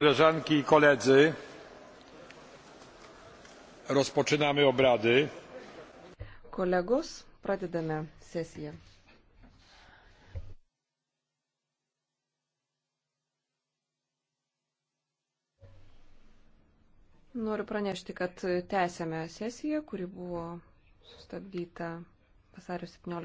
koleżanki i koledzy rozpoczynamy obrady kolegos pradedame sesiją noriu pranešti kad tęsiame sesiją kuri buvo sustabdyta vasario septynioliktą